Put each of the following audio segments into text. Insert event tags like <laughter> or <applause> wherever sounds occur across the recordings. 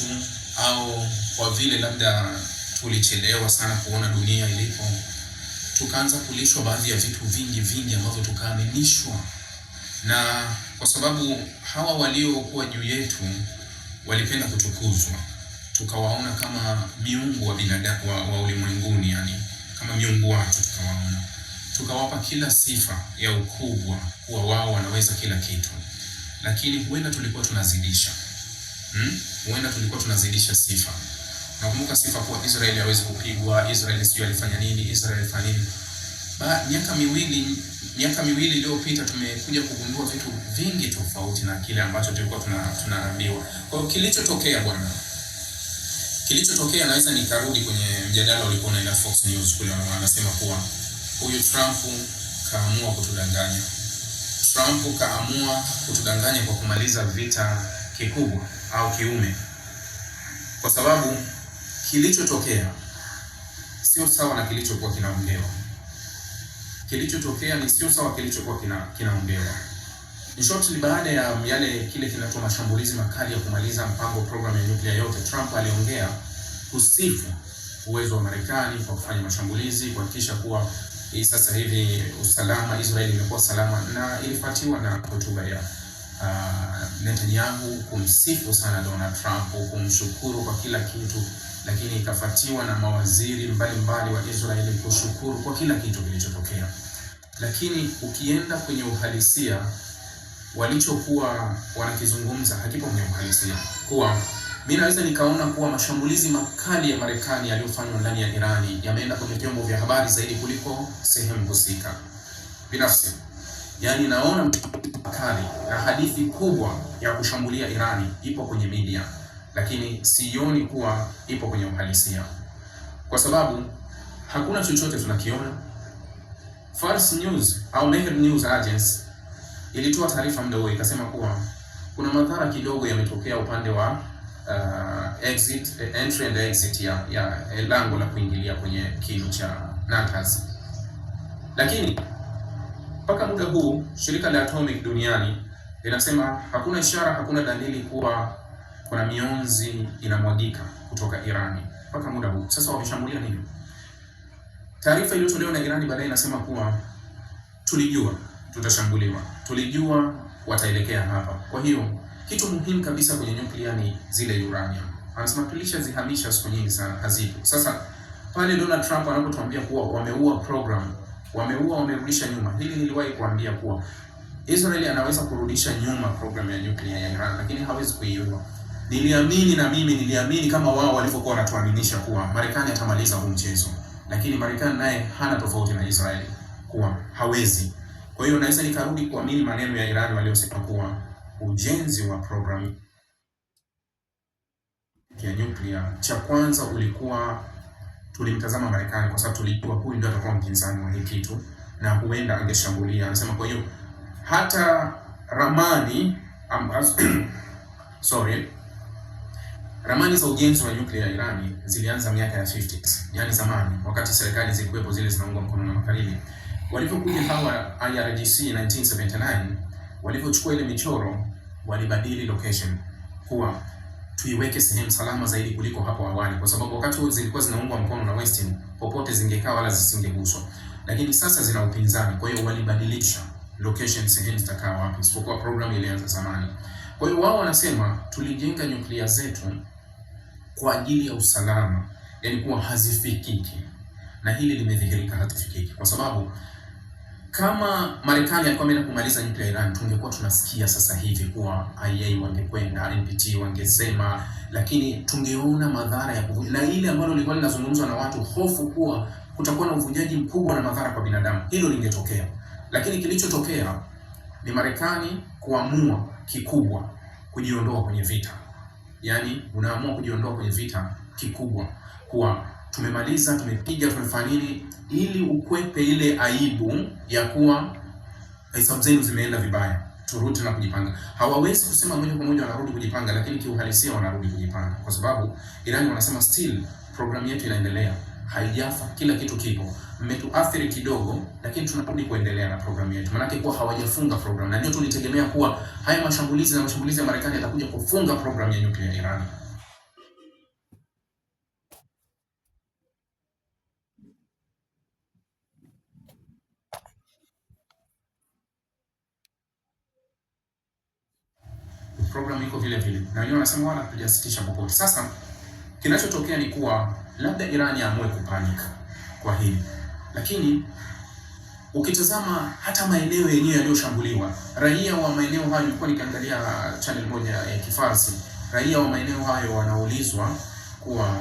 yetu au kwa vile labda tulichelewa sana kuona dunia ilipo, tukaanza kulishwa baadhi ya vitu vingi vingi ambavyo tukaaminishwa, na kwa sababu hawa waliokuwa juu yetu walipenda kutukuzwa, tukawaona kama miungu wa binadamu wa, wa ulimwenguni, yani kama miungu watu tukawaona, tukawapa kila sifa ya ukubwa, kuwa wao wanaweza kila kitu, lakini huenda tulikuwa tunazidisha Hmm? huenda hmm, tulikuwa tunazidisha sifa. Nakumbuka sifa kuwa Israeli hawezi kupigwa, Israeli sijui alifanya nini, Israeli alifanya nini. Ba miaka miwili miaka miwili iliyopita tumekuja kugundua vitu vingi tofauti na kile ambacho tulikuwa tuna tunaambiwa. Kwa hiyo kilichotokea bwana, kilichotokea naweza nikarudi kwenye mjadala ulikuwa unaenda Fox News kule, wanasema kuwa huyu Trump kaamua kutudanganya. Trump kaamua kutudanganya kwa kumaliza vita kikubwa au kiume, kwa sababu kilichotokea sio sawa na kilichokuwa kinaongewa. Kilichotokea ni sio sawa kilichokuwa kina kinaongewa. In short, ni baada ya yale kile kinatoa mashambulizi makali ya kumaliza mpango programu ya nyuklia yote, Trump aliongea kusifu uwezo wa Marekani kwa kufanya mashambulizi kuhakikisha kuwa sasa hivi usalama Israeli imekuwa salama, na ilifuatiwa na hotuba ya Uh, Netanyahu kumsifu sana Donald Trump, kumshukuru kwa kila kitu, lakini ikafuatiwa na mawaziri mbalimbali mbali wa Israeli kushukuru kwa kila kitu kilichotokea. Lakini ukienda kwenye uhalisia, walichokuwa wanakizungumza hakipo kwenye uhalisia kuwa mimi naweza nikaona kuwa mashambulizi makali ya Marekani yaliyofanywa ndani ya Irani yameenda kwenye vyombo vya habari zaidi kuliko sehemu husika. Binafsi Yaani naona kali na hadithi kubwa ya kushambulia Irani ipo kwenye media, lakini sioni kuwa ipo kwenye uhalisia, kwa sababu hakuna chochote tunakiona. Fars News au Mehr News Agency ilitoa taarifa mdogo ikasema kuwa kuna madhara kidogo yametokea upande wa uh, exit, entry and exit ya, ya eh, lango la kuingilia kwenye kinu cha Natas, lakini mpaka muda huu shirika la Atomic duniani linasema hakuna ishara, hakuna dalili kuwa kuna mionzi inamwagika kutoka Irani mpaka muda huu. Sasa wameshambulia nini? Taarifa iliyotolewa na Irani baadaye inasema kuwa tulijua tutashambuliwa, tulijua wataelekea hapa. Kwa hiyo kitu muhimu kabisa kwenye nyuklia ni zile uranium. Anasema tulishazihamisha siku nyingi sana, hazipo. Sasa pale Donald Trump anapotuambia kuwa wameua program wameua, wamerudisha nyuma. Hili niliwahi kuambia kuwa Israeli anaweza kurudisha nyuma programu ya nyuklia ya Iran, lakini hawezi kuiua. Niliamini na mimi niliamini kama wao walivyokuwa wanatuaminisha kuwa Marekani atamaliza huu mchezo, lakini Marekani naye hana tofauti na Israeli kuwa hawezi. Kwa hiyo naweza nikarudi kuamini maneno ya Iran waliosema kuwa ujenzi wa programu ya nyuklia cha kwanza ulikuwa tulimtazama Marekani kwa sababu tulijua huyu ndio atakuwa mpinzani wa hii kitu na huenda angeshambulia. Anasema kwa hiyo hata ramani ambazo <clears throat> sorry, ramani za ujenzi wa nyuklia ya Irani zilianza miaka ya 50s, yani zamani, wakati serikali zilikuwepo zile zinaungwa mkono na magharibi. Walipokuja hawa IRGC 1979 walivyochukua ile michoro, walibadili location kuwa tuiweke sehemu salama zaidi kuliko hapo awali, kwa sababu wakati zilikuwa zinaungwa mkono na Western, popote zingekaa wala zisingeguswa, lakini sasa zina upinzani. Kwa hiyo walibadilisha location, sehemu zitakaa wapi, isipokuwa program ilianza zamani. Kwa hiyo wao wanasema tulijenga nyuklia zetu kwa ajili ya usalama, yani kuwa hazifikiki, na hili limedhihirika, hazifikiki kwa sababu kama Marekani alikuwa ameenda kumaliza nyuklia Iran, tungekuwa tunasikia sasa hivi kuwa IAEA wangekwenda, NPT wangesema, lakini tungeona madhara ya kuvunja, na ile ambalo lilikuwa linazungumzwa na watu, hofu kuwa kutakuwa na uvunjaji mkubwa na madhara kwa binadamu, hilo lingetokea. Lakini kilichotokea ni Marekani kuamua kikubwa kujiondoa kwenye vita, yaani unaamua kujiondoa kwenye vita kikubwa kuwa tumemaliza, tumepiga tumefanini, ili ukwepe ile aibu ya kuwa hesabu zenu zimeenda vibaya, turudi na kujipanga. Hawawezi kusema moja kwa moja wanarudi kujipanga, lakini kiuhalisia wanarudi kujipanga, kwa sababu Irani wanasema still programu yetu inaendelea, haijafa, kila kitu kipo. Mmetuathiri kidogo, lakini tunarudi kuendelea na programu yetu, maanake kuwa hawajafunga programu, na ndio tulitegemea kuwa haya mashambulizi na mashambulizi ya Marekani yatakuja kufunga programu ya nyuklia ya Irani. program iko vile vile, na wenyewe wanasema wala hatujasitisha popote. Sasa kinachotokea ni kuwa labda Irani amue kupanic kwa hili, lakini ukitazama hata maeneo yenyewe yaliyoshambuliwa, raia wa maeneo hayo, nilikuwa nikiangalia channel moja ya Kifarsi, raia wa maeneo hayo wanaulizwa kuwa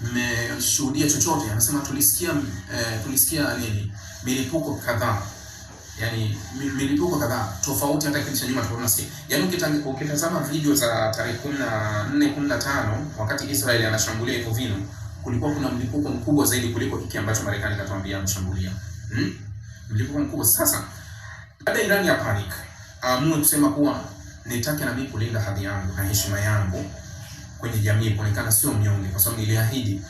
mmeshuhudia chochote, anasema tulisikia, eh, tulisikia nini milipuko kadhaa yani milipuko kadhaa tofauti, hata kipindi cha nyuma tulikuwa tunasikia. Yani ukitazama video za tarehe 14 15, wakati Israeli anashambulia hivyo vinu, kulikuwa kuna mlipuko mkubwa zaidi kuliko hiki ambacho Marekani katuambia mshambulia, hmm? mlipuko mkubwa. Sasa baada Iran ya panic amue kusema kuwa nitake na mimi kulinda hadhi yangu na heshima yangu kwenye jamii, kuonekana sio mnyonge, kwa sababu niliahidi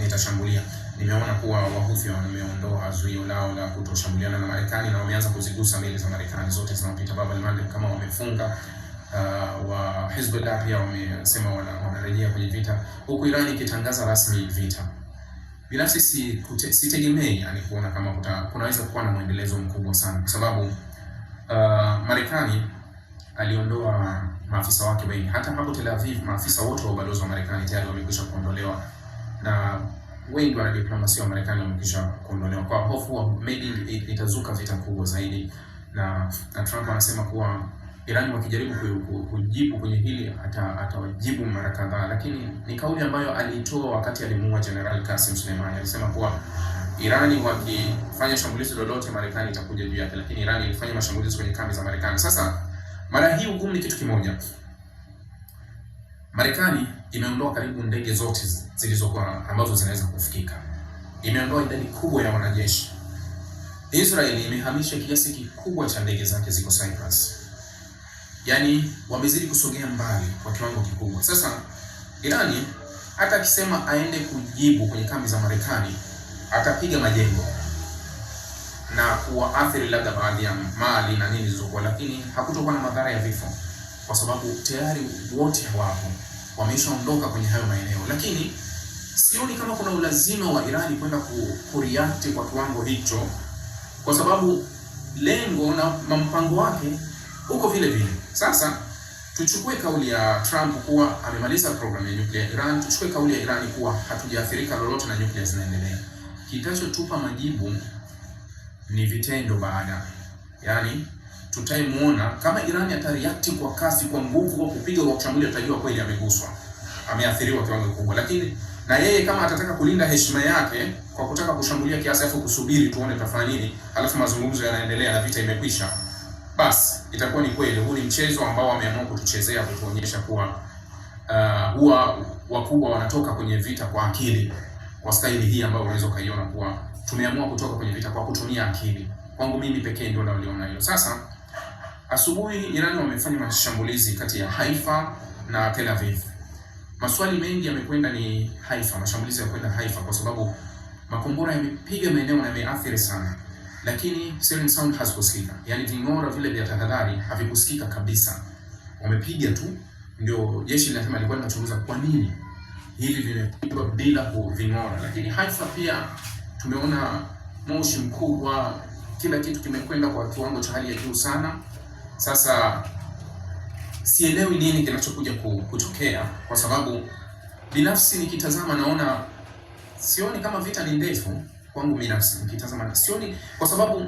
nitashambulia ni, ni, ni nimeona kuwa Wahuthi wameondoa zuio lao la kutoshambuliana na Marekani na wameanza kuzigusa meli za Marekani zote zinapita Bab al-Mandeb kama wamefunga. Uh, wa Hezbollah pia wamesema wanarejea kwenye vita, huku Iran ikitangaza rasmi vita. Binafsi sitegemei yani kuona kama kuta, kunaweza kuwa na mwendelezo mkubwa sana kwa sababu uh, Marekani aliondoa maafisa wake wengi. Hata hapo Tel Aviv maafisa wote wa ubalozi wa Marekani tayari wamekwisha kuondolewa na wengi wana diplomasia wa Marekani wamekisha kuondolewa kwa hofu wa maybe itazuka vita kubwa zaidi, na, na Trump anasema kuwa Irani wakijaribu kujibu kwenye hili atawajibu ata mara kadhaa, lakini ni kauli ambayo aliitoa wakati alimuua General Qasem Soleimani. Alisema kuwa Irani wakifanya shambulizi lolote Marekani itakuja juu yake, lakini Irani ilifanya mashambulizi kwenye kambi za Marekani. Sasa mara hii ugumu ni kitu kimoja, Marekani imeondoa karibu ndege zote zilizokuwa ambazo zinaweza kufikika. Imeondoa idadi kubwa ya wanajeshi. Israeli imehamisha kiasi kikubwa cha ndege zake ziko Cyprus. Yaani wamezidi kusogea mbali kwa kiwango kikubwa. Sasa Irani hata akisema aende kujibu kwenye kambi za Marekani atapiga majengo na kuwaathiri labda baadhi ya mali na nini zilizokuwa, lakini hakutokuwa na madhara ya vifo kwa sababu tayari wote hawapo wameshaondoka kwenye hayo maeneo, lakini sioni kama kuna ulazima wa Irani kwenda kuriakti kwa kiwango hicho, kwa sababu lengo na mpango wake uko vile vile. Sasa tuchukue kauli ya Trump kuwa amemaliza programu ya nyuklia Iran, tuchukue kauli ya Irani kuwa hatujaathirika lolote na nyuklia zinaendelea. Kitachotupa majibu ni vitendo baada, yaani tutayemwona kama Irani atariakti kwa kasi, kwa nguvu, kwa kupiga, kwa kushambulia, tutajua kweli ameguswa, ameathiriwa kiwango kikubwa. Lakini na yeye kama atataka kulinda heshima yake kwa kutaka kushambulia kiasi, afu kusubiri tuone tafanya nini, alafu mazungumzo yanaendelea na vita imekwisha, basi itakuwa ni kweli huu ni mchezo ambao wameamua kutuchezea, kutuonyesha kuwa uh, huwa wakubwa wanatoka kwenye vita kwa akili, kwa staili hii ambayo unaweza ukaiona kuwa tumeamua kutoka kwenye vita kwa kutumia akili. Kwangu mimi pekee ndio naliona hilo sasa Asubuhi Iran wamefanya mashambulizi kati ya Haifa na Tel Aviv. Maswali mengi yamekwenda ni Haifa, mashambulizi ya kwenda Haifa kwa sababu makombora yamepiga maeneo na yameathiri sana, lakini siren sound hazikusikika, yaani ving'ora vile vya tahadhari havikusikika kabisa, wamepiga tu. Ndio jeshi linasema alikuwa linachunguza kwa nini hivi vimepigwa bila kuving'ora. Lakini Haifa pia tumeona moshi mkubwa, kila kitu kimekwenda kwa kiwango cha hali ya juu sana. Sasa sielewi nini kinachokuja kutokea, kwa sababu binafsi nikitazama naona sioni kama vita ni ndefu kwangu binafsi nikitazama sioni, kwa sababu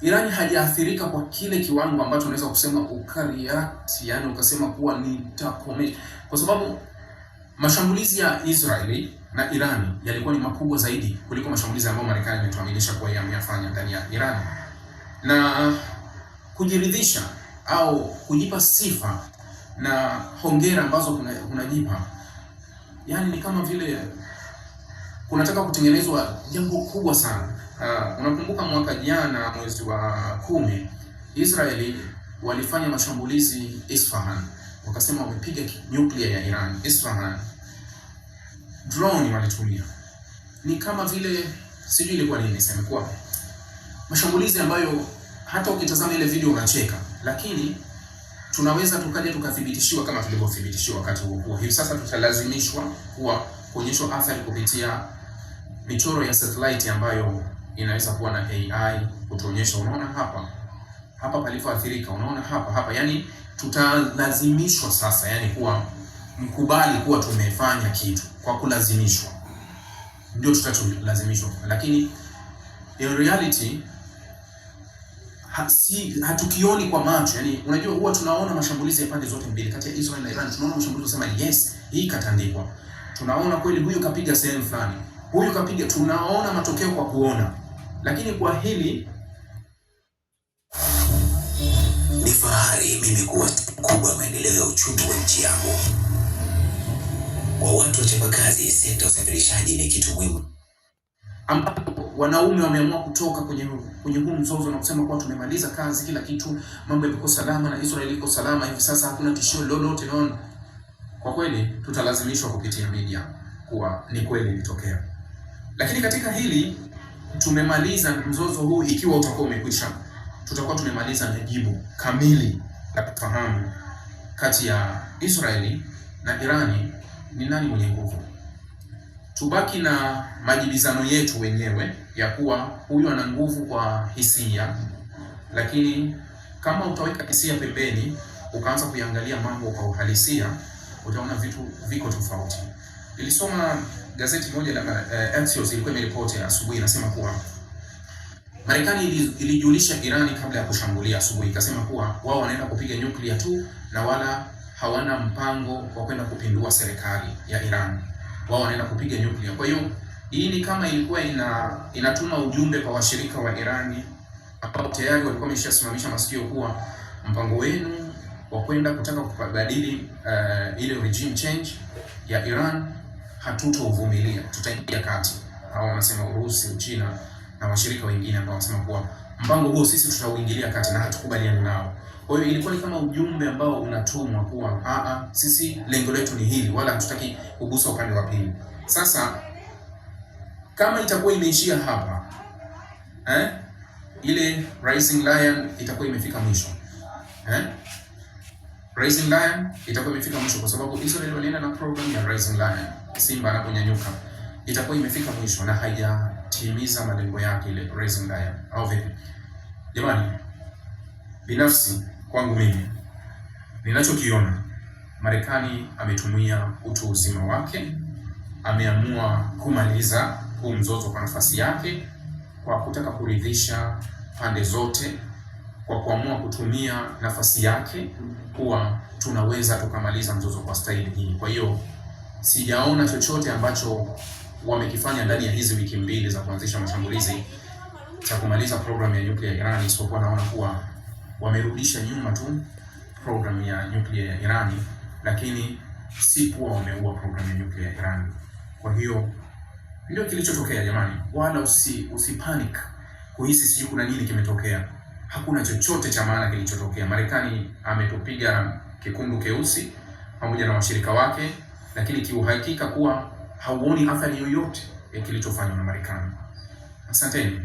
iran hajaathirika kwa kile kiwango ambacho unaweza kusema ukariati, yani ukasema kuwa nitakomesha, kwa sababu mashambulizi ya Israeli na iran yalikuwa ni makubwa zaidi kuliko mashambulizi ambayo Marekani imetuaminisha kuwa yameyafanya ndani ya Iran na kujiridhisha au kujipa sifa na hongera ambazo unajipa yani yaani ni kama vile kunataka kutengenezwa jambo kubwa sana. Uh, unakumbuka mwaka jana mwezi wa kumi Israeli walifanya mashambulizi Isfahan, wakasema wamepiga nyuklia ya Iran Isfahan, drone walitumia. Ni kama vile sijui ilikuwa nini, niseme kuwa mashambulizi ambayo hata ukitazama ile video unacheka, lakini tunaweza tukaja tukathibitishiwa kama tulivyothibitishiwa wakati huo huo. Hivi sasa tutalazimishwa kuwa kuonyeshwa athari kupitia michoro ya satellite ambayo inaweza kuwa na AI kutuonyesha, unaona hapa hapa palipoathirika, unaona hapa hapa, yani tutalazimishwa sasa, yani kuwa mkubali kuwa tumefanya kitu kwa kulazimishwa, ndio tutatulazimishwa, lakini in reality ha, si, hatukioni kwa macho. Yani unajua huwa tunaona mashambulizi ya pande zote mbili kati ya Israel na Iran, tunaona mashambulizi kusema yes, hii katandikwa, tunaona kweli huyu kapiga sehemu fulani, huyu kapiga, tunaona matokeo kwa kuona, lakini kwa hili ni fahari mimi kuwa kubwa maendeleo ya uchumi wa nchi yangu. Kwa watu wachapakazi, sekta ya usafirishaji ni kitu muhimu ambapo wanaume wameamua kutoka kwenye kwenye huu mzozo na kusema kuwa tumemaliza kazi, kila kitu, mambo yako salama na Israeli iko salama hivi sasa, hakuna tishio lolote. Naona kwa kweli tutalazimishwa kupitia media kuwa ni kweli ilitokea, lakini katika hili tumemaliza mzozo huu. Ikiwa utakuwa umekwisha, tutakuwa tumemaliza jibu kamili la kufahamu kati ya Israeli na Irani ni nani mwenye nguvu tubaki na majibizano yetu wenyewe ya kuwa huyu ana nguvu kwa hisia, lakini kama utaweka hisia pembeni ukaanza kuiangalia mambo kwa uhalisia, utaona vitu viko tofauti. Nilisoma gazeti moja la eh, Axios ilikuwa imeripoti asubuhi, inasema kuwa Marekani ilijulisha Irani kabla ya kushambulia asubuhi, ikasema kuwa wao wanaenda kupiga nyuklia tu na wala hawana mpango wa kwenda kupindua serikali ya Iran wao wanaenda kupiga nyuklia. Kwa hiyo hii ni kama ilikuwa ina inatuma ujumbe kwa washirika wa Irani ambao tayari walikuwa wameshasimamisha masikio kuwa mpango wenu wa kwenda kutaka kubadili uh, ile regime change ya Iran hatutouvumilia, tutaingia kati. Hao wanasema Urusi, Uchina na washirika wengine ambao wanasema kuwa mpango huo sisi tutauingilia kati na hatukubaliani nao. Kwa hiyo ilikuwa ni kama ujumbe ambao unatumwa kuwa a ah, a, ah, sisi lengo letu ni hili, wala hatutaki kugusa upande wa pili. Sasa kama itakuwa imeishia hapa eh, ile Rising Lion itakuwa imefika mwisho eh? Rising Lion itakuwa imefika mwisho kwa sababu Israel walienda na program ya Rising Lion, simba anaponyanyuka, itakuwa imefika mwisho na haijatimiza malengo yake ile Rising Lion, au vipi jamani? Binafsi Kwangu mimi ninachokiona, Marekani ametumia utu uzima wake, ameamua kumaliza huu mzozo kwa nafasi yake, kwa kutaka kuridhisha pande zote, kwa kuamua kutumia nafasi yake kuwa tunaweza tukamaliza mzozo kwa staili hii. Kwa hiyo sijaona chochote ambacho wamekifanya ndani ya hizi wiki mbili za kuanzisha mashambulizi cha kumaliza programu ya nyuklia ya Iran, isipokuwa naona kuwa wamerudisha nyuma tu programu ya nyuklia ya Irani, lakini si kuwa wameua programu ya nyuklia ya Irani. Kwa hiyo ndio kilichotokea jamani, wala usi, usi panic kuhisi sijui kuna nini kimetokea. Hakuna chochote cha maana kilichotokea. Marekani ametupiga kikundu keusi pamoja na washirika wake, lakini kiuhakika kuwa hauoni athari yoyote ya kilichofanywa na Marekani. Asanteni.